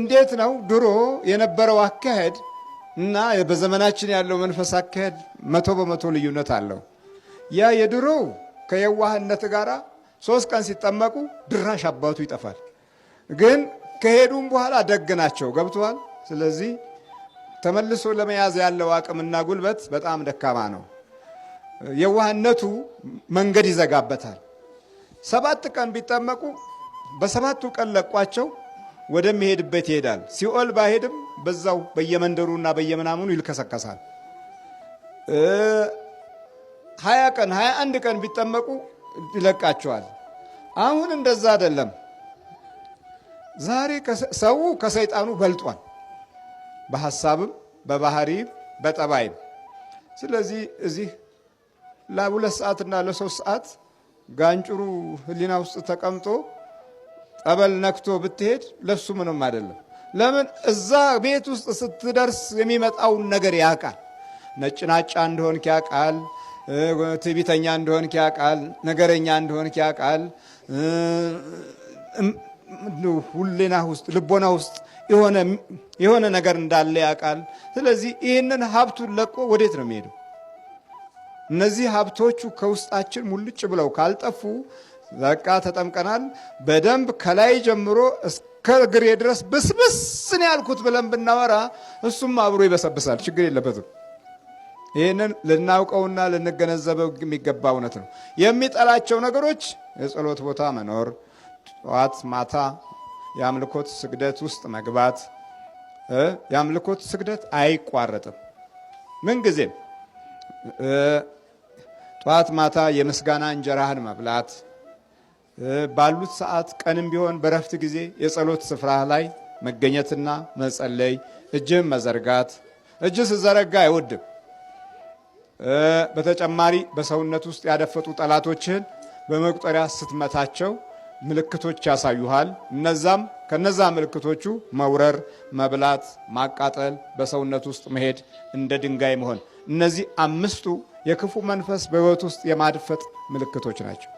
እንዴት ነው ድሮ የነበረው አካሄድ እና በዘመናችን ያለው መንፈስ አካሄድ መቶ በመቶ ልዩነት አለው። ያ የድሮው ከየዋህነት ጋር ሶስት ቀን ሲጠመቁ ድራሽ አባቱ ይጠፋል። ግን ከሄዱም በኋላ ደግ ናቸው ገብተዋል። ስለዚህ ተመልሶ ለመያዝ ያለው አቅምና ጉልበት በጣም ደካማ ነው። የዋህነቱ መንገድ ይዘጋበታል። ሰባት ቀን ቢጠመቁ በሰባቱ ቀን ለቋቸው ወደሚሄድበት ይሄዳል። ሲኦል ባሄድም በዛው በየመንደሩና በየምናምኑ ይልከሰከሳል። ሀያ ቀን ሀያ አንድ ቀን ቢጠመቁ ይለቃቸዋል። አሁን እንደዛ አይደለም። ዛሬ ሰው ከሰይጣኑ በልጧል፣ በሀሳብም በባህሪም በጠባይም። ስለዚህ እዚህ ለሁለት ሰዓትና ለሶስት ሰዓት ጋንጭሩ ህሊና ውስጥ ተቀምጦ ጠበል ነክቶ ብትሄድ ለሱ ምንም አይደለም። ለምን እዛ ቤት ውስጥ ስትደርስ የሚመጣውን ነገር ያውቃል። ነጭ ናጫ እንደሆንክ ያውቃል። ትዕቢተኛ እንደሆንክ ያውቃል። ነገረኛ እንደሆንክ ያውቃል። ሁሌና ውስጥ ልቦና ውስጥ የሆነ ነገር እንዳለ ያውቃል። ስለዚህ ይህንን ሀብቱን ለቆ ወዴት ነው የሚሄደው? እነዚህ ሀብቶቹ ከውስጣችን ሙልጭ ብለው ካልጠፉ በቃ ተጠምቀናል። በደንብ ከላይ ጀምሮ እስከ ግሬ ድረስ ብስብስን ያልኩት ብለን ብናወራ እሱም አብሮ ይበሰብሳል። ችግር የለበትም። ይህንን ልናውቀውና ልንገነዘበው የሚገባ እውነት ነው። የሚጠላቸው ነገሮች የጸሎት ቦታ መኖር፣ ጠዋት ማታ የአምልኮት ስግደት ውስጥ መግባት። የአምልኮት ስግደት አይቋረጥም ምንጊዜም ጠዋት ማታ የምስጋና እንጀራህን መብላት ባሉት ሰዓት ቀንም ቢሆን በረፍት ጊዜ የጸሎት ስፍራ ላይ መገኘትና መጸለይ፣ እጅም መዘርጋት። እጅ ስዘረጋ አይወድም። በተጨማሪ በሰውነት ውስጥ ያደፈጡ ጠላቶችን በመቁጠሪያ ስትመታቸው ምልክቶች ያሳዩሃል። እነዛም ከነዛ ምልክቶቹ መውረር፣ መብላት፣ ማቃጠል፣ በሰውነት ውስጥ መሄድ፣ እንደ ድንጋይ መሆን፣ እነዚህ አምስቱ የክፉ መንፈስ በሕይወት ውስጥ የማድፈጥ ምልክቶች ናቸው።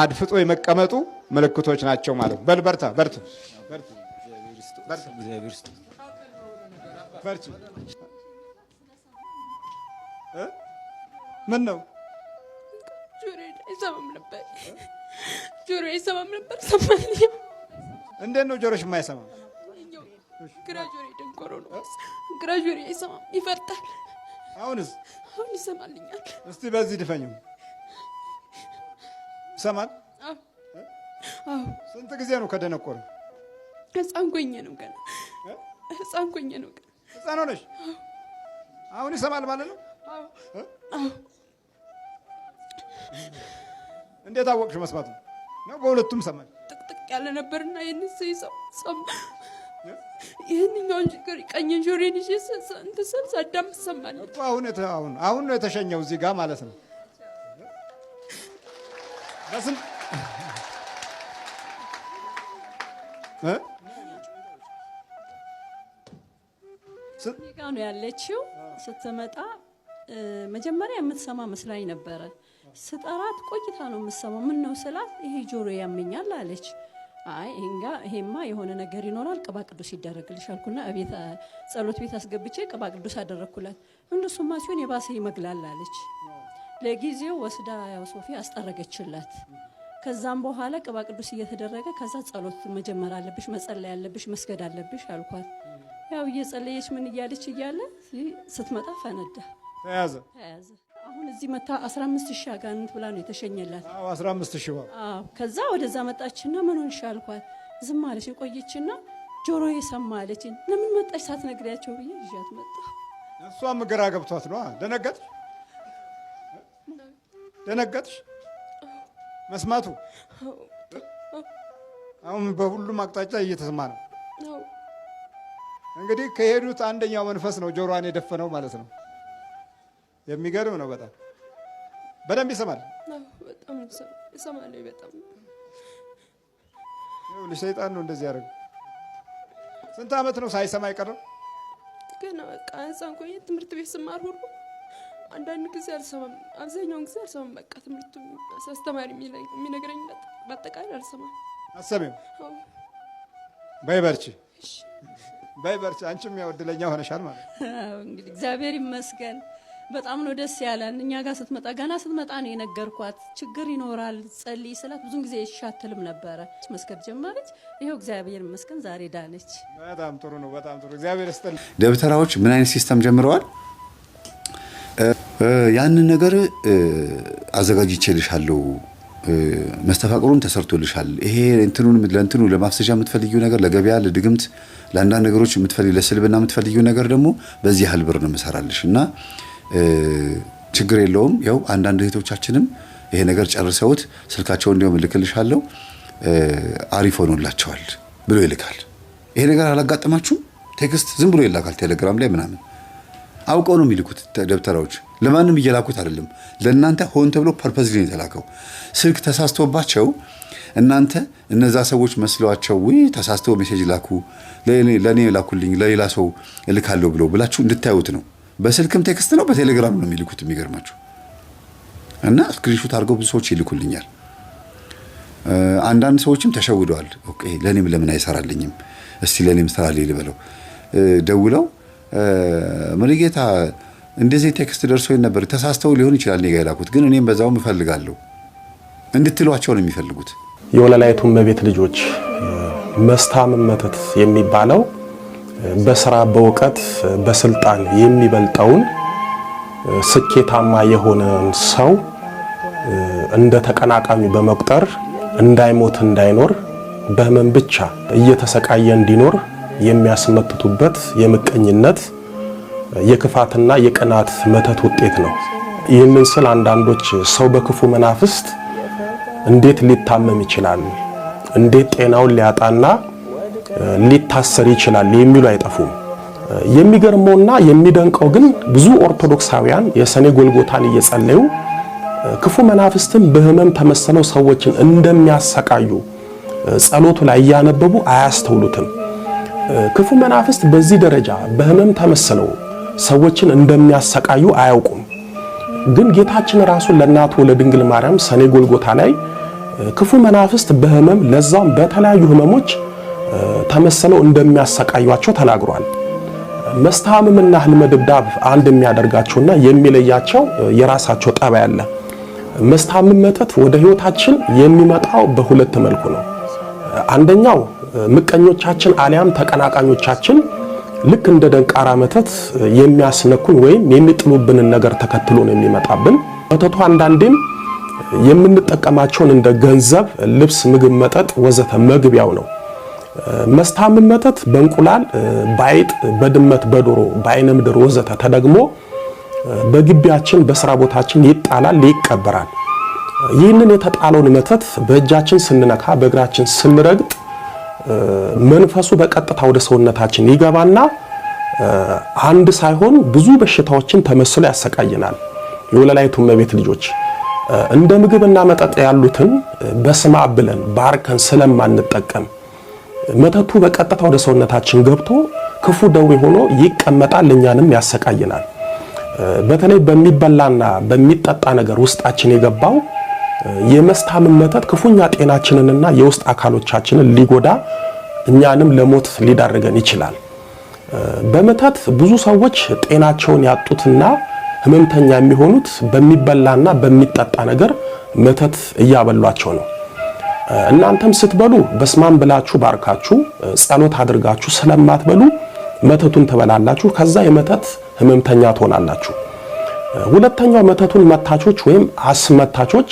አድፍጦ የመቀመጡ ምልክቶች ናቸው ማለት ነው። በል በርታ በርቱ። ምን ነው ጆሮ አይሰማም ነበር። ሰማኝ። እንዴት ነው ጆሮሽ የማይሰማም? ግራ ጆሮ ደንቆሮ ነው። ግራ ጆሮ አይሰማም፣ ይፈርጣል። አሁንስ? አሁን ይሰማልኛል። እስቲ በዚህ ድፈኝም ይሰማል። ስንት ጊዜ ነው ከደነቆረ? ህፃን ጎኘ ነው ገና ህፃን ጎኘ ነው ገና ህፃን ሆነሽ አሁን ይሰማል ማለት ነው። እንዴት አወቅሽ? መስማት ነው በሁለቱም ሰማል። ጥቅጥቅ ያለ ነበርና ይህን ይዘው ሰማ ይህንኛውን ችግር ቀኝን ጆሮዬን ይዤ እንትን ስል ሳዳም ሰማል። አሁን አሁን ነው የተሸኘው እዚህ ጋር ማለት ነው ጋ ነው ያለችው። ስትመጣ መጀመሪያ የምትሰማ መስላኝ ነበረ። ስጠራት ቆይታ ነው የምትሰማው። ምን ነው ስላት ይሄ ጆሮ ያመኛል አለች። አይ ይሄንጋ ይሄማ የሆነ ነገር ይኖራል፣ ቅባ ቅዱስ ይደረግልሽ አልኩና ጸሎት ቤት አስገብቼ ቅባ ቅዱስ አደረግኩላት። እንደሱማ ሲሆን የባሰ ይመግላል አለች። ለጊዜው ወስዳ ያው ሶፊ አስጠረገችላት። ከዛም በኋላ ቅባ ቅዱስ እየተደረገ ከዛ ጸሎት መጀመር አለብሽ፣ መጸለይ አለብሽ፣ መስገድ አለብሽ አልኳት። ያው እየጸለየች ምን እያለች እያለ ስትመጣ ፈነዳ፣ ተያዘ። አሁን እዚህ መታ 15 ሺህ አጋንንት ብላ ነው የተሸኘላት። አዎ 15 ሺህ አዎ። ከዛ ወደዛ መጣችና ምን ሆንሽ አልኳት። ዝም አለች። የቆየችና ጆሮ የሰማ አለችኝ። ለምን መጣች ሳትነግሪያቸው ብዬ ይዣት መጣሁ። እሷም ግራ ገብቷት ነው ደነገጥሽ ደነገጥሽ? መስማቱ አሁን በሁሉም አቅጣጫ እየተሰማ ነው። እንግዲህ ከሄዱት አንደኛው መንፈስ ነው ጆሮዋን የደፈነው ማለት ነው። የሚገርም ነው በጣም በደንብ ይሰማል። ሰይጣን ነው እንደዚህ ያደረገው። ስንት ዓመት ነው ሳይሰማ አይቀርም? ገና በቃ ህፃን ቆየ። ትምህርት ቤት ስማር ሁሉ አንዳንድ ጊዜ አልሰማም፣ አብዛኛውን ጊዜ አልሰማም። በቃ ትምህርቱ አስተማሪ የሚነግረኝ በአጠቃላይ አልሰማም። አሰሚም በይ በርቺ፣ በይ በርቺ። አንቺም ያው እድለኛ ሆነሻል ማለት ነው። እንግዲህ። እግዚአብሔር ይመስገን። በጣም ነው ደስ ያለን። እኛ ጋር ስትመጣ ገና ስትመጣ ነው የነገርኳት ችግር ይኖራል ጸልይ ስላት ብዙን ጊዜ ይሻትልም ነበረ። መስገድ ጀመረች። ይኸው እግዚአብሔር ይመስገን ዛሬ ዳነች። በጣም ጥሩ ነው። በጣም ጥሩ። እግዚአብሔር ይስጥልኝ። ደብተራዎች ምን አይነት ሲስተም ጀምረዋል? ያንን ነገር አዘጋጅቼልሻለሁ፣ መስተፋቅሩን ተሰርቶልሻል፣ ይሄ እንትኑን ለእንትኑ ለማፍሰሻ የምትፈልጊው ነገር ለገበያ ለድግምት ለአንዳንድ ነገሮች የምትፈልጊው ለስልብና የምትፈልጊው ነገር ደግሞ በዚህ ያህል ብር ነው የምሰራልሽ እና ችግር የለውም። ያው አንዳንድ እህቶቻችንም ይሄ ነገር ጨርሰውት ስልካቸው እንዲያውም እልክልሻለሁ አሪፍ ሆኖላቸዋል ብሎ ይልካል። ይሄ ነገር አላጋጠማችሁ? ቴክስት ዝም ብሎ ይላካል ቴሌግራም ላይ ምናምን አውቀው ነው የሚልኩት ደብተራዎች። ለማንም እየላኩት አይደለም፣ ለእናንተ ሆን ተብሎ ፐርፐዝ ግን የተላከው። ስልክ ተሳስቶባቸው እናንተ እነዛ ሰዎች መስለዋቸው ውይ ተሳስተው ሜሴጅ ላኩ፣ ለእኔ ላኩልኝ፣ ለሌላ ሰው እልካለሁ ብለው ብላችሁ እንድታዩት ነው። በስልክም ቴክስት ነው፣ በቴሌግራም ነው የሚልኩት። የሚገርማችሁ እና ስክሪንሹት አድርገው ብዙ ሰዎች ይልኩልኛል። አንዳንድ ሰዎችም ተሸውደዋል። ለእኔም ለምን አይሰራልኝም? እስቲ ለእኔም ስራልኝ ልበለው ደውለው ምንጌታ እንደዚህ ቴክስት ደርሶ ነበር፣ ተሳስተው ሊሆን ይችላል እኔ ጋ የላኩት ግን እኔም በዛውም እፈልጋለሁ እንድትሏቸው ነው የሚፈልጉት። የወለላይቱ እመቤት ልጆች መስታም መተት የሚባለው በስራ በእውቀት በስልጣን የሚበልጠውን ስኬታማ የሆነን ሰው እንደ ተቀናቃሚ በመቁጠር እንዳይሞት እንዳይኖር በህመም ብቻ እየተሰቃየ እንዲኖር የሚያስመትቱበት የምቀኝነት የክፋትና የቅናት መተት ውጤት ነው። ይህንን ስል አንዳንዶች ሰው በክፉ መናፍስት እንዴት ሊታመም ይችላል? እንዴት ጤናውን ሊያጣና ሊታሰር ይችላል? የሚሉ አይጠፉም። የሚገርመውና የሚደንቀው ግን ብዙ ኦርቶዶክሳውያን የሰኔ ጎልጎታን እየጸለዩ ክፉ መናፍስትን በህመም ተመሰለው ሰዎችን እንደሚያሰቃዩ ጸሎቱ ላይ እያነበቡ አያስተውሉትም። ክፉ መናፍስት በዚህ ደረጃ በህመም ተመስለው ሰዎችን እንደሚያሰቃዩ አያውቁም። ግን ጌታችን ራሱ ለእናቱ ለድንግል ማርያም ሰኔ ጎልጎታ ላይ ክፉ መናፍስት በህመም ለዛም በተለያዩ ህመሞች ተመሰለው እንደሚያሰቃያቸው ተናግሯል። መስተሐምምና ህልመ ድብዳብ አንድ የሚያደርጋቸውና የሚለያቸው የራሳቸው ጠባይ አለ። መስተሐምም መተት ወደ ህይወታችን የሚመጣው በሁለት መልኩ ነው። አንደኛው ምቀኞቻችን አሊያም ተቀናቃኞቻችን ልክ እንደ ደንቃራ መተት የሚያስነኩን ወይም የሚጥሉብንን ነገር ተከትሎ ነው የሚመጣብን። መተቱ አንዳንዴም የምንጠቀማቸውን እንደ ገንዘብ፣ ልብስ፣ ምግብ፣ መጠጥ ወዘተ መግቢያው ነው። መስታምን መተት በእንቁላል፣ በአይጥ፣ በድመት፣ በዶሮ፣ በአይነ ምድር ወዘተ ተደግሞ በግቢያችን በስራ ቦታችን ይጣላል፣ ይቀበራል። ይህንን የተጣለውን መተት በእጃችን ስንነካ፣ በእግራችን ስንረግጥ መንፈሱ በቀጥታ ወደ ሰውነታችን ይገባና አንድ ሳይሆን ብዙ በሽታዎችን ተመስሎ ያሰቃይናል የወለላይቱ እመቤት ልጆች እንደ ምግብና መጠጥ ያሉትን በስማ ብለን ባርከን ስለማንጠቀም መጠጡ በቀጥታ ወደ ሰውነታችን ገብቶ ክፉ ደዌ ሆኖ ይቀመጣል፣ እኛንም ያሰቃይናል። በተለይ በሚበላና በሚጠጣ ነገር ውስጣችን የገባው የመስታምን መተት ክፉኛ ጤናችንንና የውስጥ አካሎቻችንን ሊጎዳ እኛንም ለሞት ሊዳርገን ይችላል። በመተት ብዙ ሰዎች ጤናቸውን ያጡትና ህመምተኛ የሚሆኑት በሚበላና በሚጠጣ ነገር መተት እያበሏቸው ነው። እናንተም ስትበሉ በስማም ብላችሁ ባርካችሁ ጸሎት አድርጋችሁ ስለማትበሉ መተቱን ትበላላችሁ። ከዛ የመተት ህመምተኛ ትሆናላችሁ። ሁለተኛው መተቱን መታቾች ወይም አስመታቾች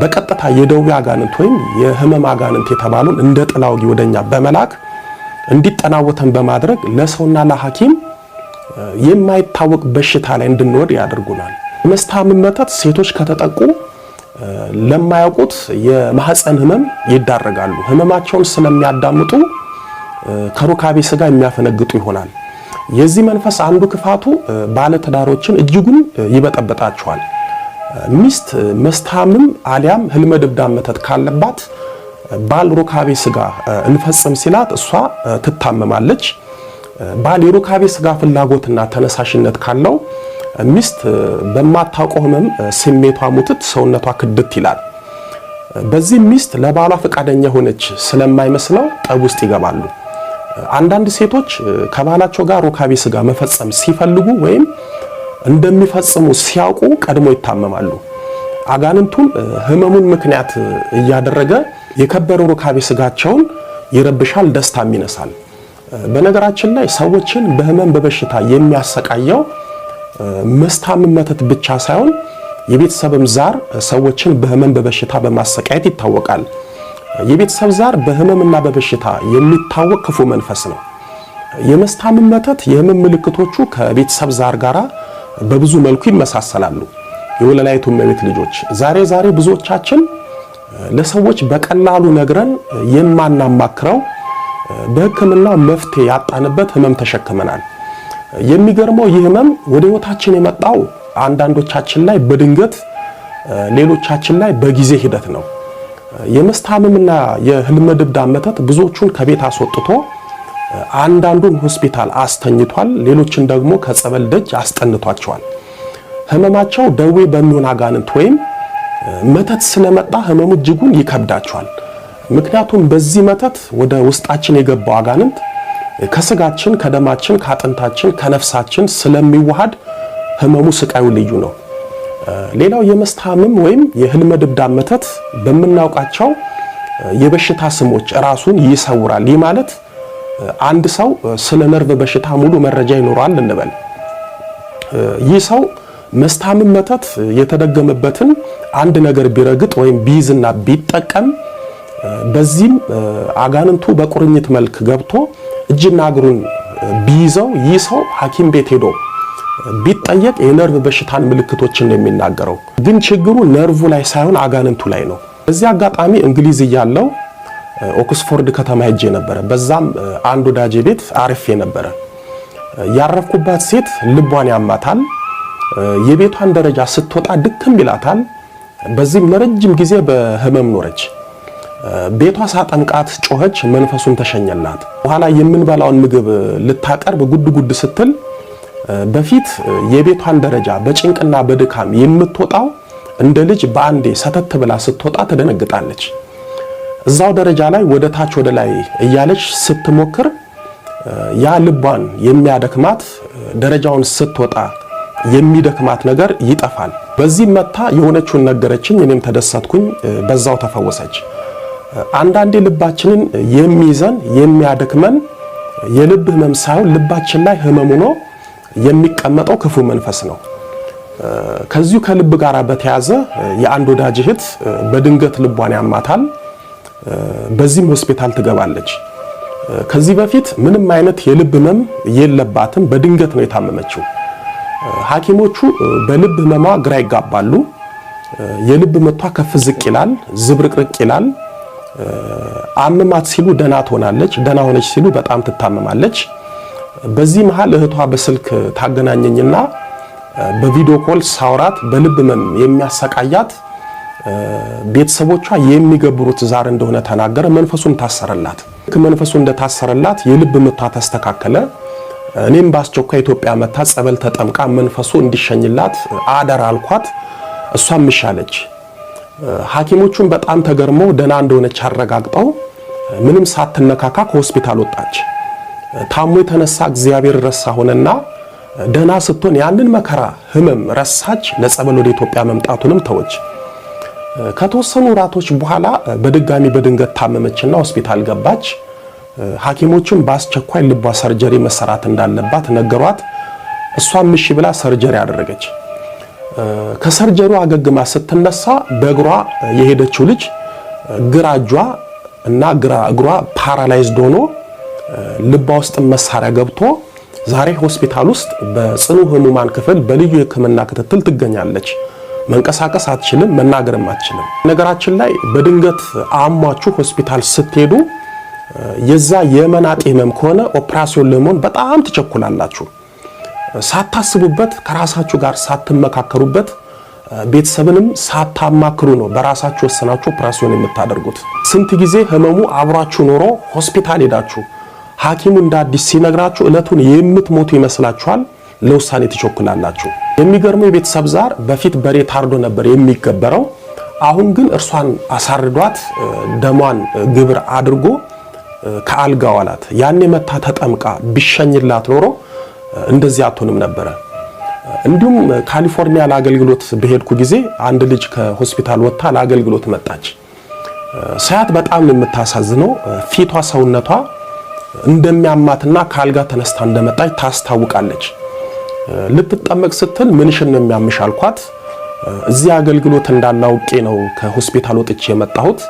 በቀጥታ የደዌ አጋንንት ወይም የህመም አጋንንት የተባሉን እንደ ጥላ ወጊ ወደኛ በመላክ እንዲጠናወተን በማድረግ ለሰውና ለሐኪም የማይታወቅ በሽታ ላይ እንድንወድ ያደርጉናል። በመስታመም መተት ሴቶች ከተጠቁ ለማያውቁት የማህፀን ህመም ይዳረጋሉ። ህመማቸውን ስለሚያዳምጡ ከሩካቤ ስጋ የሚያፈነግጡ ይሆናል። የዚህ መንፈስ አንዱ ክፋቱ ባለትዳሮችን እጅጉን ይበጠበጣቸዋል። ሚስት መስታምም አሊያም ህልመ ድብዳም መተት ካለባት ባል ሩካቤ ስጋ እንፈጽም ሲላት እሷ ትታመማለች። ባል የሩካቤ ስጋ ፍላጎትና ተነሳሽነት ካለው ሚስት በማታውቀው ህመም ስሜቷ ሙትት፣ ሰውነቷ ክድት ይላል። በዚህ ሚስት ለባሏ ፈቃደኛ ሆነች ስለማይመስለው ጠብ ውስጥ ይገባሉ። አንዳንድ ሴቶች ከባላቸው ጋር ሩካቤ ስጋ መፈጸም ሲፈልጉ ወይም እንደሚፈጽሙ ሲያውቁ ቀድሞ ይታመማሉ። አጋንንቱን ህመሙን ምክንያት እያደረገ የከበረ ሩካቤ ስጋቸውን ይረብሻል፣ ደስታም ይነሳል። በነገራችን ላይ ሰዎችን በህመም በበሽታ የሚያሰቃየው መስታምን መተት ብቻ ሳይሆን የቤተሰብም ዛር ሰዎችን በህመም በበሽታ በማሰቃየት ይታወቃል። የቤተሰብ ዛር በህመምና በበሽታ የሚታወቅ ክፉ መንፈስ ነው። የመስታምን መተት የህመም ምልክቶቹ ከቤተሰብ ዛር ጋራ በብዙ መልኩ ይመሳሰላሉ። የወለላይቱ እመቤት ልጆች ዛሬ ዛሬ ብዙዎቻችን ለሰዎች በቀላሉ ነግረን የማናማክረው በህክምና መፍትሄ ያጣንበት ህመም ተሸክመናል። የሚገርመው ይህ ህመም ወደ ህይወታችን የመጣው አንዳንዶቻችን ላይ በድንገት ሌሎቻችን ላይ በጊዜ ሂደት ነው። የመስታምምና የህልመ ድብዳ መተት ብዙዎቹን ከቤት አስወጥቶ አንዳንዱን ሆስፒታል አስተኝቷል፣ ሌሎችን ደግሞ ከጸበል ደጅ አስጠንቷቸዋል። ህመማቸው ደዌ በሚሆን አጋንንት ወይም መተት ስለመጣ ህመሙ እጅጉን ይከብዳቸዋል። ምክንያቱም በዚህ መተት ወደ ውስጣችን የገባው አጋንንት ከስጋችን፣ ከደማችን፣ ከአጥንታችን፣ ከነፍሳችን ስለሚዋሃድ ህመሙ ስቃዩ ልዩ ነው። ሌላው የመስታምም ወይም የህልመ ድብዳብ መተት በምናውቃቸው የበሽታ ስሞች ራሱን ይሰውራል። ይህ ማለት አንድ ሰው ስለ ነርቭ በሽታ ሙሉ መረጃ ይኖረዋል እንበል። ይህ ሰው መስታምን መተት የተደገመበትን አንድ ነገር ቢረግጥ ወይም ቢይዝና ቢጠቀም በዚህም አጋንንቱ በቁርኝት መልክ ገብቶ እጅና እግሩን ቢይዘው ይህ ሰው ሐኪም ቤት ሄዶ ቢጠየቅ የነርቭ በሽታን ምልክቶችን ነው የሚናገረው። ግን ችግሩ ነርቭ ላይ ሳይሆን አጋንንቱ ላይ ነው። በዚህ አጋጣሚ እንግሊዝ እያለው ኦክስፎርድ ከተማ ሄጄ ነበረ። በዛም አንድ ወዳጄ ቤት አርፌ ነበረ። ያረፍኩባት ሴት ልቧን ያማታል። የቤቷን ደረጃ ስትወጣ ድክም ይላታል። በዚህም ለረጅም ጊዜ በህመም ኖረች። ቤቷ ሳጠንቃት ጮኸች፣ መንፈሱም ተሸኘላት። በኋላ የምንበላውን ምግብ ልታቀርብ ጉድ ጉድ ስትል በፊት የቤቷን ደረጃ በጭንቅና በድካም የምትወጣው እንደ ልጅ በአንዴ ሰተት ብላ ስትወጣ ትደነግጣለች። እዛው ደረጃ ላይ ወደ ታች ወደ ላይ እያለች ስትሞክር ያ ልቧን የሚያደክማት ደረጃውን ስትወጣ የሚደክማት ነገር ይጠፋል። በዚህም መታ የሆነችውን ነገረችኝ፣ እኔም ተደሰትኩኝ፣ በዛው ተፈወሰች። አንዳንዴ ልባችንን የሚይዘን የሚያደክመን የልብ ህመም ሳይሆን ልባችን ላይ ህመም ሆኖ የሚቀመጠው ክፉ መንፈስ ነው። ከዚሁ ከልብ ጋር በተያዘ የአንድ ወዳጅ እህት በድንገት ልቧን ያማታል። በዚህም ሆስፒታል ትገባለች። ከዚህ በፊት ምንም አይነት የልብ ህመም የለባትም። በድንገት ነው የታመመችው። ሐኪሞቹ በልብ ህመሟ ግራ ይጋባሉ። የልብ ምቷ ከፍ ዝቅ ይላል፣ ዝብርቅርቅ ይላል። አምማት ሲሉ ደና ትሆናለች፣ ደና ሆነች ሲሉ በጣም ትታመማለች። በዚህ መሃል እህቷ በስልክ ታገናኘኝና በቪዲዮ ኮል ሳውራት በልብ ህመም የሚያሰቃያት ቤተሰቦቿ የሚገብሩት ዛር እንደሆነ ተናገረ። መንፈሱም ታሰረላት። መንፈሱ እንደታሰረላት የልብ ምቷ ተስተካከለ። እኔም በአስቸኳይ ኢትዮጵያ መታ ጸበል ተጠምቃ መንፈሱ እንዲሸኝላት አደራ አልኳት። እሷም ምሻለች ሐኪሞቹን በጣም ተገርመው ደህና እንደሆነች አረጋግጠው ምንም ሳትነካካ ከሆስፒታል ወጣች። ታሞ የተነሳ እግዚአብሔር ረሳ ሆነና ደህና ስትሆን ያንን መከራ ህመም ረሳች። ለጸበል ወደ ኢትዮጵያ መምጣቱንም ተወች። ከተወሰኑ ወራቶች በኋላ በድጋሚ በድንገት ታመመችና ሆስፒታል ገባች። ሐኪሞችም በአስቸኳይ ልቧ ሰርጀሪ መሰራት እንዳለባት ነገሯት። እሷም እሺ ብላ ሰርጀሪ አደረገች። ከሰርጀሪው አገግማ ስትነሳ በእግሯ የሄደችው ልጅ ግራ እጇ እና ግራ እግሯ ፓራላይዝድ ሆኖ ልቧ ውስጥ መሳሪያ ገብቶ ዛሬ ሆስፒታል ውስጥ በጽኑ ህሙማን ክፍል በልዩ የሕክምና ክትትል ትገኛለች። መንቀሳቀስ አትችልም፣ መናገርም አትችልም። ነገራችን ላይ በድንገት አሟችሁ ሆስፒታል ስትሄዱ የዛ የመናጤ ህመም ከሆነ ኦፕራሲዮን ለመሆን በጣም ትቸኩላላችሁ። ሳታስቡበት ከራሳችሁ ጋር ሳትመካከሩበት ቤተሰብንም ሳታማክሩ ነው በራሳችሁ ወሰናችሁ ኦፕራሲዮን የምታደርጉት። ስንት ጊዜ ህመሙ አብሯችሁ ኖሮ ሆስፒታል ሄዳችሁ ሐኪሙ እንደ አዲስ ሲነግራችሁ እለቱን የምትሞቱ ይመስላችኋል። ለውሳኔ ትቸኩላላችሁ። የሚገርመው የቤተሰብ ዛር በፊት በሬ ታርዶ ነበር የሚገበረው። አሁን ግን እርሷን አሳርዷት ደሟን ግብር አድርጎ ከአልጋ ዋላት። ያኔ መታ ተጠምቃ ቢሸኝላት ኖሮ እንደዚህ አትሆንም ነበረ። እንዲሁም ካሊፎርኒያ ለአገልግሎት በሄድኩ ጊዜ አንድ ልጅ ከሆስፒታል ወጥታ ለአገልግሎት መጣች። ሳያት በጣም የምታሳዝነው ፊቷ፣ ሰውነቷ እንደሚያማትና ከአልጋ ተነስታ እንደመጣች ታስታውቃለች። ልትጠመቅ ስትል ምንሽን ነው የሚያምሽ አልኳት። እዚህ አገልግሎት እንዳናውቄ ነው ከሆስፒታል ወጥቼ የመጣሁት።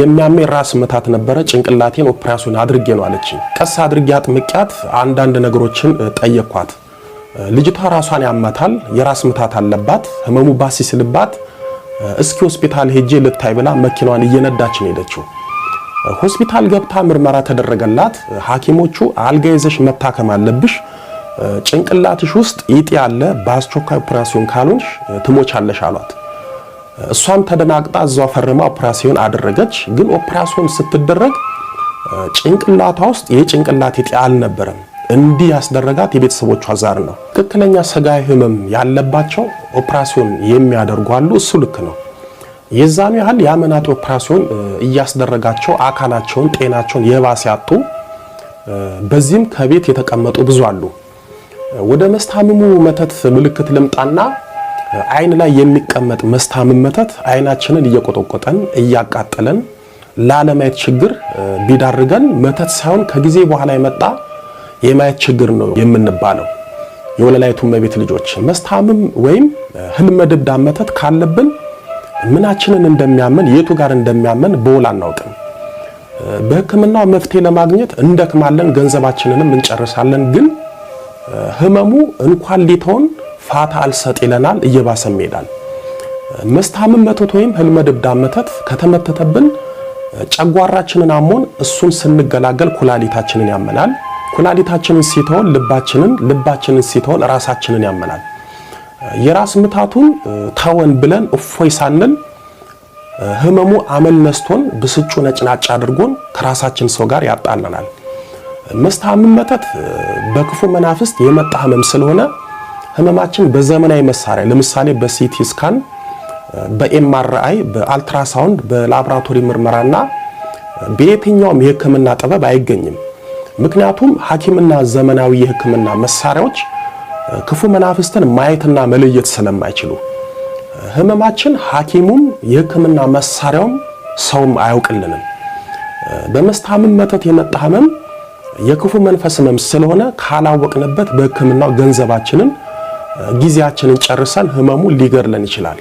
የሚያመኝ ራስ ምታት ነበረ፣ ጭንቅላቴን ኦፕራሲዮን አድርጌ ነው አለች። ቀስ አድርጌ አጥምቂያት አንዳንድ ነገሮችን ጠየኳት። ልጅቷ ራሷን ያማታል፣ የራስ ምታት አለባት። ህመሙ ባስ ሲልባት እስኪ ሆስፒታል ሄጄ ልታይ ብላ መኪናዋን እየነዳች ነው ሄደችው። ሆስፒታል ገብታ ምርመራ ተደረገላት። ሐኪሞቹ አልጋ ይዘሽ መታከም አለብሽ ጭንቅላትሽ ውስጥ ይጥ ያለ በአስቸኳይ ኦፕራሲዮን ካልሆንሽ ትሞቻለሽ አሏት። እሷም ተደናግጣ እዛው ፈርማ ኦፕራሲዮን አደረገች። ግን ኦፕራሲዮን ስትደረግ ጭንቅላቷ ውስጥ የጭንቅላት ኢጥ አልነበረም። እንዲህ ያስደረጋት የቤተሰቦቿ ዛር ነው። ትክክለኛ ስጋዊ ህመም ያለባቸው ኦፕራሲዮን የሚያደርጉ አሉ። እሱ ልክ ነው። የዛኑ ያህል የአመናጢ ኦፕራሲዮን እያስደረጋቸው አካላቸውን፣ ጤናቸውን የባሰ ያጡ፣ በዚህም ከቤት የተቀመጡ ብዙ አሉ። ወደ መስታምሙ መተት ምልክት ልምጣና አይን ላይ የሚቀመጥ መስታምም መተት አይናችንን እየቆጠቆጠን እያቃጠለን ላለማየት ችግር ቢዳርገን መተት ሳይሆን ከጊዜ በኋላ የመጣ የማየት ችግር ነው የምንባለው። የወለላይቱ እመቤት ልጆች መስታምም ወይም ህልመ ድብዳብ መተት ካለብን ምናችንን እንደሚያመን የቱ ጋር እንደሚያመን በውል አናውቅም። በሕክምናው መፍትሄ ለማግኘት እንደክማለን፣ ገንዘባችንንም እንጨርሳለን ግን ህመሙ እንኳን ሊተውን ፋታ አልሰጥ ይለናል፣ እየባሰም ይሄዳል። መስታምን መተት ወይም ህልመ ድብዳ መተት ከተመተተብን ጨጓራችንን አሞን እሱን ስንገላገል ኩላሊታችንን ያመናል። ኩላሊታችንን ሲተውን ልባችንን፣ ልባችንን ሲተውን ራሳችንን ያመናል። የራስ ምታቱን ተወን ብለን እፎይ ሳንል ህመሙ አመል ነስቶን ብስጩ ነጭናጭ አድርጎን ከራሳችን ሰው ጋር ያጣለናል። መስታምን መተት በክፉ መናፍስት የመጣ ህመም ስለሆነ ህመማችን በዘመናዊ መሳሪያ ለምሳሌ በሲቲ ስካን፣ በኤምአርአይ፣ በአልትራሳውንድ፣ በላብራቶሪ ምርመራና በየትኛውም የህክምና ጥበብ አይገኝም። ምክንያቱም ሐኪምና ዘመናዊ የህክምና መሳሪያዎች ክፉ መናፍስትን ማየትና መለየት ስለማይችሉ ህመማችን ሐኪሙም የህክምና መሳሪያውም ሰውም አያውቅልንም። በመስታምን መተት የመጣ ህመም የክፉ መንፈስ ህመም ስለሆነ ካላወቅንበት በህክምናው ገንዘባችንን፣ ጊዜያችንን ጨርሰን ህመሙ ሊገድለን ይችላል።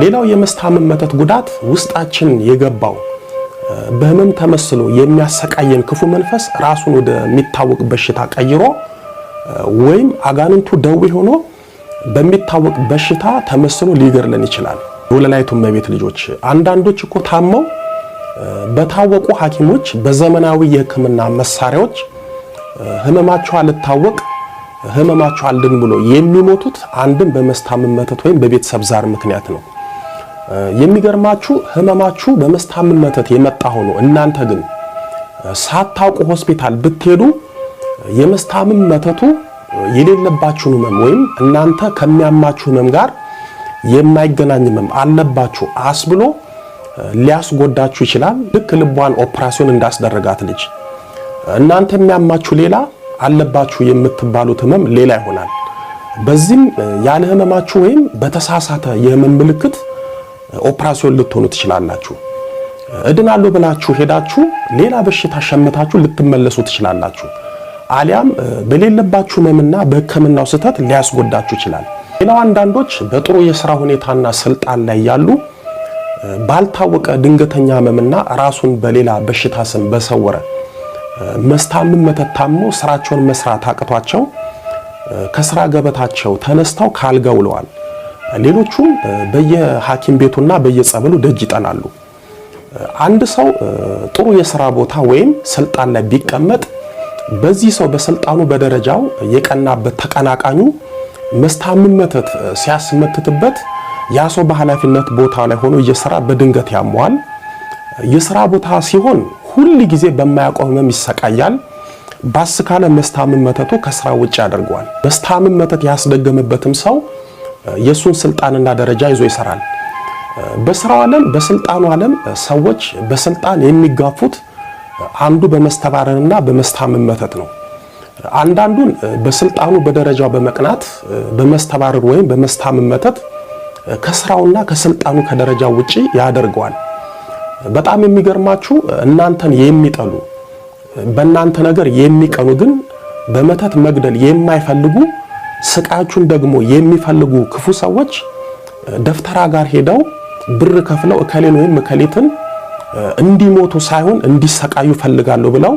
ሌላው የመስታመም መተት ጉዳት ውስጣችን የገባው በህመም ተመስሎ የሚያሰቃየን ክፉ መንፈስ ራሱን ወደሚታወቅ በሽታ ቀይሮ ወይም አጋንንቱ ደዌ ሆኖ በሚታወቅ በሽታ ተመስሎ ሊገድለን ይችላል። የወለላይቱ እመቤት ልጆች አንዳንዶች እኮ ታመው በታወቁ ሐኪሞች በዘመናዊ የሕክምና መሳሪያዎች ህመማቸው አልታወቅ ህመማቸው አልድን ብሎ የሚሞቱት አንድም በመስታመም መተት ወይም በቤተሰብ ዛር ምክንያት ነው። የሚገርማችሁ ህመማችሁ በመስታመም መተት የመጣ ሆኖ እናንተ ግን ሳታውቁ ሆስፒታል ብትሄዱ የመስታምን መተቱ የሌለባችሁን ህመም ወይም እናንተ ከሚያማችሁ ህመም ጋር የማይገናኝ ህመም አለባችሁ አስብሎ ሊያስጎዳችሁ ይችላል። ልክ ልቧን ኦፕራሲዮን እንዳስደረጋት ልጅ እናንተ የሚያማችሁ ሌላ አለባችሁ የምትባሉት ህመም ሌላ ይሆናል። በዚህም ያለ ህመማችሁ ወይም በተሳሳተ የህመም ምልክት ኦፕራሲዮን ልትሆኑ ትችላላችሁ። እድናለሁ ብላችሁ ሄዳችሁ ሌላ በሽታ ሸምታችሁ ልትመለሱ ትችላላችሁ። አሊያም በሌለባችሁ ህመምና በህክምናው ስህተት ሊያስጎዳችሁ ይችላል። ሌላው አንዳንዶች በጥሩ የስራ ሁኔታና ስልጣን ላይ ያሉ ባልታወቀ ድንገተኛ ህመምና ራሱን በሌላ በሽታ ስም በሰወረ መስታምን መተታሞ ስራቸውን መስራት አቅቷቸው ከስራ ገበታቸው ተነስተው ካልጋ ውለዋል። ሌሎቹም በየሐኪም ቤቱና በየጸበሉ ደጅ ይጠናሉ። አንድ ሰው ጥሩ የስራ ቦታ ወይም ስልጣን ላይ ቢቀመጥ በዚህ ሰው በስልጣኑ በደረጃው የቀናበት ተቀናቃኙ መስታምን መተት ሲያስመትትበት ያ ሰው በኃላፊነት ቦታ ላይ ሆኖ እየሰራ በድንገት ያመዋል። የስራ ቦታ ሲሆን ሁል ጊዜ በማያቆም ህመም ይሰቃያል። ባስካለ መስታምን መተቱ ከስራ ውጭ ያደርገዋል። መስታምን መተት ያስደገመበትም ሰው የሱን ስልጣንና ደረጃ ይዞ ይሰራል። በስራው ዓለም፣ በስልጣኑ ዓለም ሰዎች በስልጣን የሚጋፉት አንዱ በመስተባረርና በመስታምን መተት ነው። አንዳንዱን በስልጣኑ በደረጃው በመቅናት በመስተባረር ወይም በመስታምን መተት ከስራውና ከስልጣኑ ከደረጃ ውጪ ያደርገዋል። በጣም የሚገርማችሁ እናንተን የሚጠሉ በእናንተ ነገር የሚቀኑ ግን በመተት መግደል የማይፈልጉ ስቃያችሁን ደግሞ የሚፈልጉ ክፉ ሰዎች ደፍተራ ጋር ሄደው ብር ከፍለው እከሌን ወይም እከሌትን እንዲሞቱ ሳይሆን እንዲሰቃዩ ፈልጋለሁ ብለው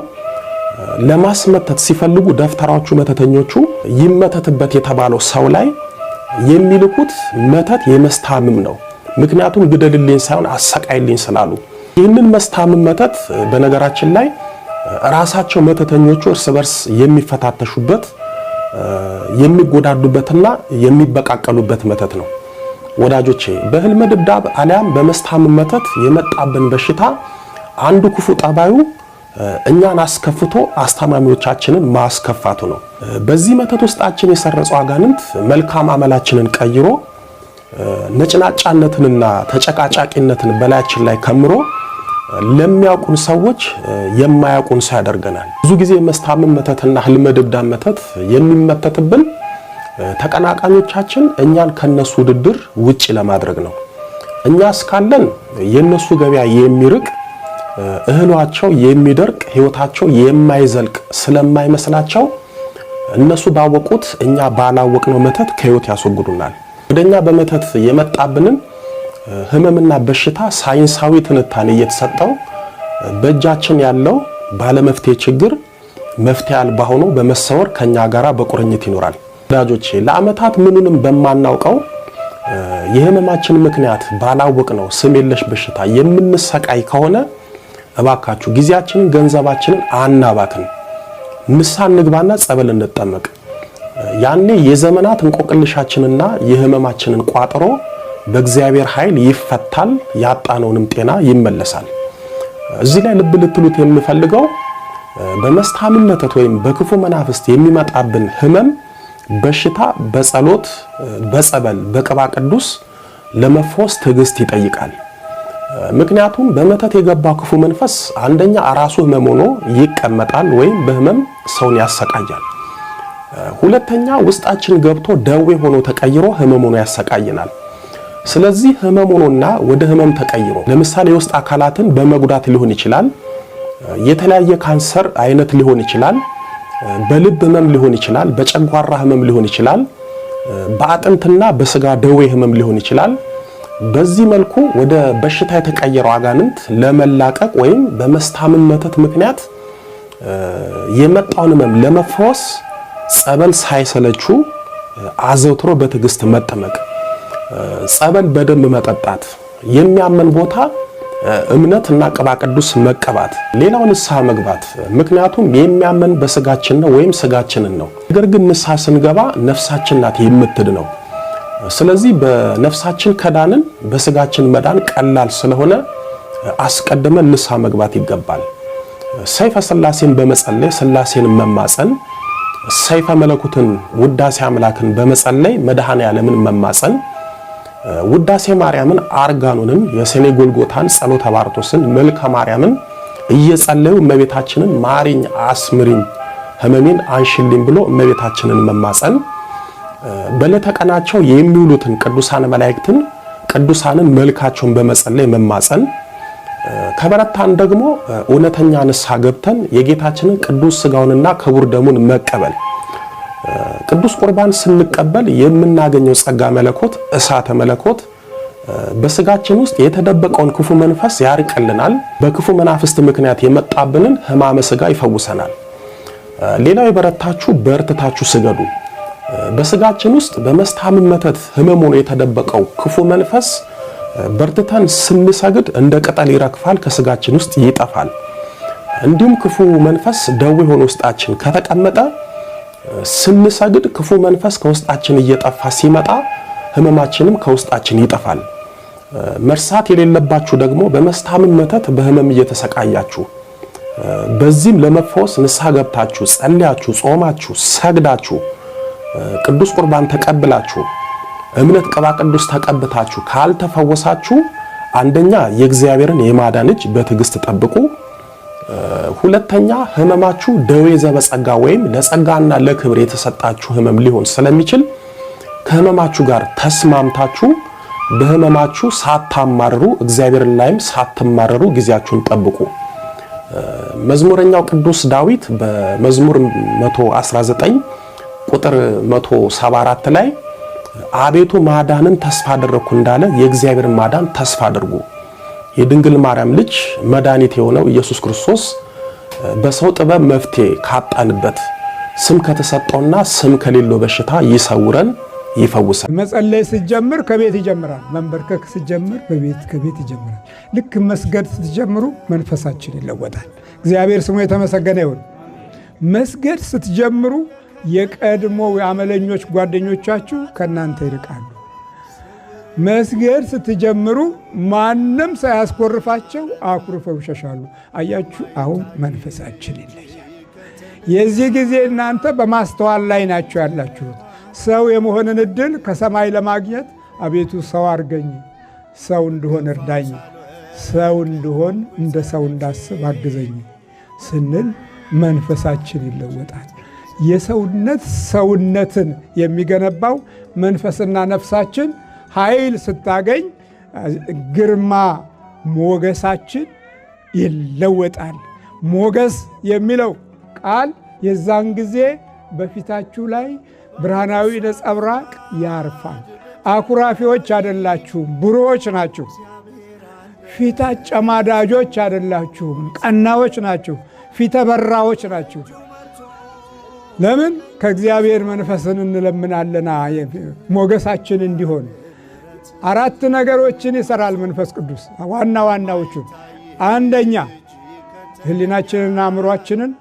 ለማስመተት ሲፈልጉ ደፍተራዎቹ መተተኞቹ ይመተትበት የተባለው ሰው ላይ የሚልኩት መተት የመስታምም ነው። ምክንያቱም ግደልልኝ ሳይሆን አሰቃይልኝ ስላሉ ይህንን መስታምም መተት በነገራችን ላይ ራሳቸው መተተኞቹ እርስ በርስ የሚፈታተሹበት የሚጎዳዱበትና የሚበቃቀሉበት መተት ነው። ወዳጆቼ በህልመ ድብዳብ አሊያም በመስታምም መተት የመጣብን በሽታ አንዱ ክፉ ጠባዩ እኛን አስከፍቶ አስታማሚዎቻችንን ማስከፋቱ ነው። በዚህ መተት ውስጣችን የሰረጹ አጋንንት መልካም አመላችንን ቀይሮ ነጭናጫነትንና ተጨቃጫቂነትን በላያችን ላይ ከምሮ ለሚያውቁን ሰዎች የማያውቁን ሰው ያደርገናል። ብዙ ጊዜ መስታምን መተትና ህልመ መተት የሚመተትብን ተቀናቃኞቻችን እኛን ከነሱ ውድድር ውጭ ለማድረግ ነው። እኛ እስካለን የነሱ ገበያ የሚርቅ እህሏቸው የሚደርቅ ህይወታቸው የማይዘልቅ ስለማይመስላቸው እነሱ ባወቁት እኛ ባላወቅነው መተት ከህይወት ያስወግዱናል። ወደኛ በመተት የመጣብንን ህመምና በሽታ ሳይንሳዊ ትንታኔ እየተሰጠው በእጃችን ያለው ባለመፍትሄ ችግር መፍትሄ አልባ ሆኖ በመሰወር ከኛ ጋራ በቁርኝት ይኖራል። ወዳጆች ለአመታት ምኑንም በማናውቀው የህመማችን ምክንያት ባላወቅነው ስም የለሽ በሽታ የምንሰቃይ ከሆነ እባካችሁ ጊዜያችንን ገንዘባችንን አናባክን። ንስሐ እንግባና ጸበል እንጠመቅ። ያኔ የዘመናት እንቆቅልሻችንና የህመማችንን ቋጠሮ በእግዚአብሔር ኃይል ይፈታል፣ ያጣነውንም ጤና ይመለሳል። እዚህ ላይ ልብ ልትሉት የምፈልገው በመስታምነተት ወይም በክፉ መናፍስት የሚመጣብን ህመም በሽታ በጸሎት በጸበል በቅባ ቅዱስ ለመፎስ ትዕግስት ይጠይቃል። ምክንያቱም በመተት የገባ ክፉ መንፈስ አንደኛ ራሱ ህመም ሆኖ ይቀመጣል ወይም በህመም ሰውን ያሰቃያል። ሁለተኛ ውስጣችን ገብቶ ደዌ ሆኖ ተቀይሮ ህመም ሆኖ ያሰቃይናል። ስለዚህ ህመም ሆኖና ወደ ህመም ተቀይሮ ለምሳሌ የውስጥ አካላትን በመጉዳት ሊሆን ይችላል። የተለያየ ካንሰር አይነት ሊሆን ይችላል። በልብ ህመም ሊሆን ይችላል። በጨጓራ ህመም ሊሆን ይችላል። በአጥንትና በስጋ ደዌ ህመም ሊሆን ይችላል። በዚህ መልኩ ወደ በሽታ የተቀየረው አጋንንት ለመላቀቅ ወይም በመስታምን መተት ምክንያት የመጣውን ህመም ለመፈወስ ጸበል ሳይሰለቹ አዘውትሮ በትዕግስት መጠመቅ፣ ጸበል በደንብ መጠጣት፣ የሚያመን ቦታ እምነት እና ቅባ ቅዱስ መቀባት፣ ሌላው ንስሐ መግባት። ምክንያቱም የሚያመን በስጋችን ነው ወይም ስጋችንን ነው። ነገር ግን ንስሐ ስንገባ ነፍሳችን ናት የምትድ ነው። ስለዚህ በነፍሳችን ከዳንን በስጋችን መዳን ቀላል ስለሆነ አስቀድመን ንስሐ መግባት ይገባል። ሰይፈ ስላሴን በመጸለይ ስላሴን መማጸን፣ ሰይፈ መለኮትን ውዳሴ አምላክን በመጸለይ መድኃኔ ዓለምን መማጸን፣ ውዳሴ ማርያምን አርጋኑንን፣ የሰኔ ጎልጎታን፣ ጸሎተ ባርቶስን፣ መልከ ማርያምን እየጸለዩ እመቤታችንን ማሪኝ፣ አስምሪኝ፣ ህመሜን አንሽልኝ ብሎ እመቤታችንን መማጸን በዕለተ ቀናቸው የሚውሉትን ቅዱሳን መላእክትን ቅዱሳንን መልካቸውን በመጸለይ መማጸን ከበረታን ደግሞ እውነተኛ ንስሐ ገብተን የጌታችንን ቅዱስ ስጋውንና ክቡር ደሙን መቀበል ቅዱስ ቁርባን ስንቀበል የምናገኘው ጸጋ መለኮት እሳተ መለኮት በስጋችን ውስጥ የተደበቀውን ክፉ መንፈስ ያርቅልናል። በክፉ መናፍስት ምክንያት የመጣብንን ሕማመ ስጋ ይፈውሰናል። ሌላው የበረታችሁ በርትታችሁ ስገዱ። በስጋችን ውስጥ በመስታምን መተት ህመም ሆኖ የተደበቀው ክፉ መንፈስ በርትተን ስንሰግድ እንደ ቅጠል ይረግፋል፣ ከስጋችን ውስጥ ይጠፋል። እንዲሁም ክፉ መንፈስ ደዌ ሆኖ ውስጣችን ከተቀመጠ ስንሰግድ ክፉ መንፈስ ከውስጣችን እየጠፋ ሲመጣ ህመማችንም ከውስጣችን ይጠፋል። መርሳት የሌለባችሁ ደግሞ በመስታምን መተት በህመም እየተሰቃያችሁ በዚህም ለመፈወስ ንስሐ ገብታችሁ ጸልያችሁ ጾማችሁ ሰግዳችሁ ቅዱስ ቁርባን ተቀብላችሁ እምነት ቅባ ቅዱስ ተቀብታችሁ ካልተፈወሳችሁ አንደኛ የእግዚአብሔርን የማዳን እጅ በትዕግስት ጠብቁ። ሁለተኛ ህመማችሁ ደዌ ዘበጸጋ ወይም ለጸጋና ለክብር የተሰጣችሁ ህመም ሊሆን ስለሚችል ከህመማችሁ ጋር ተስማምታችሁ በህመማችሁ ሳታማርሩ እግዚአብሔር ላይም ሳትማረሩ ጊዜያችሁን ጠብቁ። መዝሙረኛው ቅዱስ ዳዊት በመዝሙር 119 ቁጥር 174 ላይ አቤቱ ማዳንን ተስፋ አደረግኩ እንዳለ የእግዚአብሔርን ማዳን ተስፋ አድርጉ። የድንግል ማርያም ልጅ መድኃኒት የሆነው ኢየሱስ ክርስቶስ በሰው ጥበብ መፍትሄ ካጣንበት ስም ከተሰጠውና ስም ከሌለው በሽታ ይሰውረን፣ ይፈውሳል። መጸለይ ስትጀምር ከቤት ይጀምራል። መንበርከክ ስጀምር በቤት ከቤት ይጀምራል። ልክ መስገድ ስትጀምሩ መንፈሳችን ይለወጣል። እግዚአብሔር ስሙ የተመሰገነ ይሁን። መስገድ ስትጀምሩ የቀድሞ የአመለኞች ጓደኞቻችሁ ከእናንተ ይርቃሉ። መስገድ ስትጀምሩ ማንም ሳያስኮርፋቸው አኩርፈው ይሸሻሉ። አያችሁ፣ አሁን መንፈሳችን ይለያል። የዚህ ጊዜ እናንተ በማስተዋል ላይ ናቸው ያላችሁት። ሰው የመሆንን እድል ከሰማይ ለማግኘት አቤቱ ሰው አድርገኝ፣ ሰው እንደሆን እርዳኝ፣ ሰው እንደሆን እንደ ሰው እንዳስብ አግዘኝ ስንል መንፈሳችን ይለወጣል። የሰውነት ሰውነትን የሚገነባው መንፈስና ነፍሳችን ኃይል ስታገኝ ግርማ ሞገሳችን ይለወጣል። ሞገስ የሚለው ቃል የዛን ጊዜ በፊታችሁ ላይ ብርሃናዊ ነጸብራቅ ያርፋል። አኩራፊዎች አደላችሁም ብሩዎች ናችሁ። ፊታ ጨማዳጆች አይደላችሁም፣ ቀናዎች ናችሁ። ፊተ በራዎች ናችሁ። ለምን ከእግዚአብሔር መንፈስን እንለምናለና ሞገሳችን እንዲሆን አራት ነገሮችን ይሰራል መንፈስ ቅዱስ ዋና ዋናዎቹ አንደኛ ህሊናችንና አእምሯችንን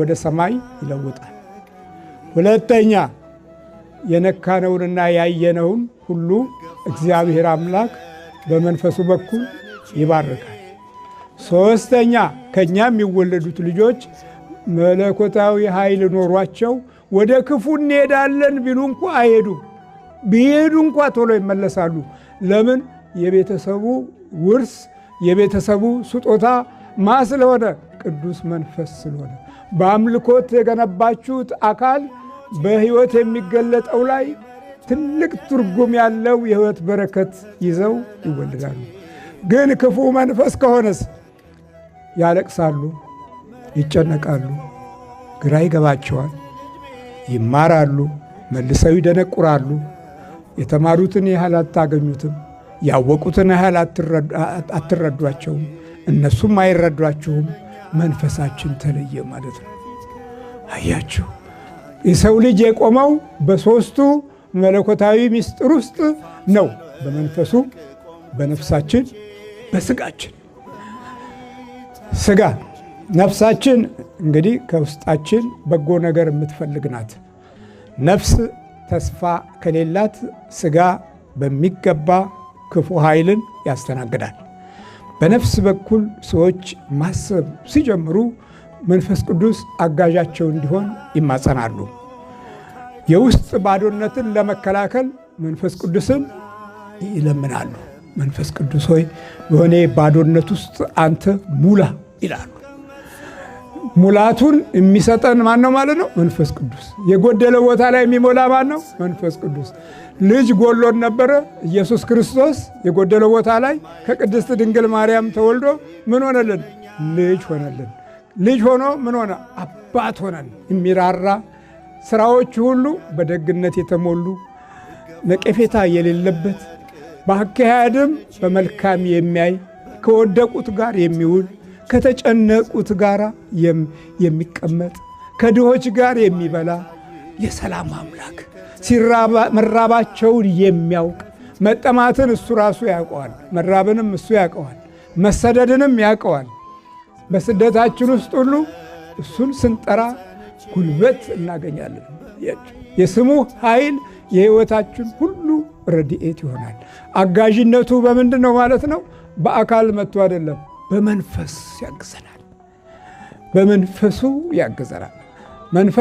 ወደ ሰማይ ይለውጣል ሁለተኛ የነካነውንና ያየነውን ሁሉ እግዚአብሔር አምላክ በመንፈሱ በኩል ይባርካል ሶስተኛ ከእኛ የሚወለዱት ልጆች መለኮታዊ ኃይል ኖሯቸው ወደ ክፉ እንሄዳለን ቢሉ እንኳ አይሄዱም። ቢሄዱ እንኳ ቶሎ ይመለሳሉ። ለምን? የቤተሰቡ ውርስ የቤተሰቡ ስጦታ ማ ስለሆነ ቅዱስ መንፈስ ስለሆነ በአምልኮት የገነባችሁት አካል በሕይወት የሚገለጠው ላይ ትልቅ ትርጉም ያለው የሕይወት በረከት ይዘው ይወልዳሉ። ግን ክፉ መንፈስ ከሆነስ ያለቅሳሉ ይጨነቃሉ፣ ግራ ይገባቸዋል፣ ይማራሉ፣ መልሰው ይደነቁራሉ። የተማሩትን ያህል አታገኙትም፣ ያወቁትን ያህል አትረዷቸውም፣ እነሱም አይረዷችሁም። መንፈሳችን ተለየ ማለት ነው። አያችሁ፣ የሰው ልጅ የቆመው በሦስቱ መለኮታዊ ምስጢር ውስጥ ነው። በመንፈሱ፣ በነፍሳችን፣ በስጋችን ስጋ ነፍሳችን እንግዲህ ከውስጣችን በጎ ነገር የምትፈልግ ናት። ነፍስ ተስፋ ከሌላት ስጋ በሚገባ ክፉ ኃይልን ያስተናግዳል። በነፍስ በኩል ሰዎች ማሰብ ሲጀምሩ መንፈስ ቅዱስ አጋዣቸው እንዲሆን ይማጸናሉ። የውስጥ ባዶነትን ለመከላከል መንፈስ ቅዱስን ይለምናሉ። መንፈስ ቅዱስ ሆይ በሆነ ባዶነት ውስጥ አንተ ሙላ ይላሉ። ሙላቱን የሚሰጠን ማን ነው ማለት ነው? መንፈስ ቅዱስ። የጎደለ ቦታ ላይ የሚሞላ ማን ነው? መንፈስ ቅዱስ። ልጅ ጎሎን ነበረ። ኢየሱስ ክርስቶስ የጎደለ ቦታ ላይ ከቅድስት ድንግል ማርያም ተወልዶ ምን ሆነልን? ልጅ ሆነልን። ልጅ ሆኖ ምን ሆነ? አባት ሆነን። የሚራራ ስራዎች ሁሉ በደግነት የተሞሉ ነቀፌታ የሌለበት በአካሄድም በመልካም የሚያይ ከወደቁት ጋር የሚውል ከተጨነቁት ጋር የሚቀመጥ ከድሆች ጋር የሚበላ የሰላም አምላክ መራባቸውን የሚያውቅ መጠማትን እሱ ራሱ ያውቀዋል። መራብንም እሱ ያውቀዋል። መሰደድንም ያውቀዋል። በስደታችን ውስጥ ሁሉ እሱን ስንጠራ ጉልበት እናገኛለን። የስሙ ኃይል የሕይወታችን ሁሉ ረድኤት ይሆናል። አጋዥነቱ በምንድን ነው ማለት ነው? በአካል መጥቶ አይደለም። በመንፈስ ያግዘናል። በመንፈሱ ያግዘናል። መንፈስ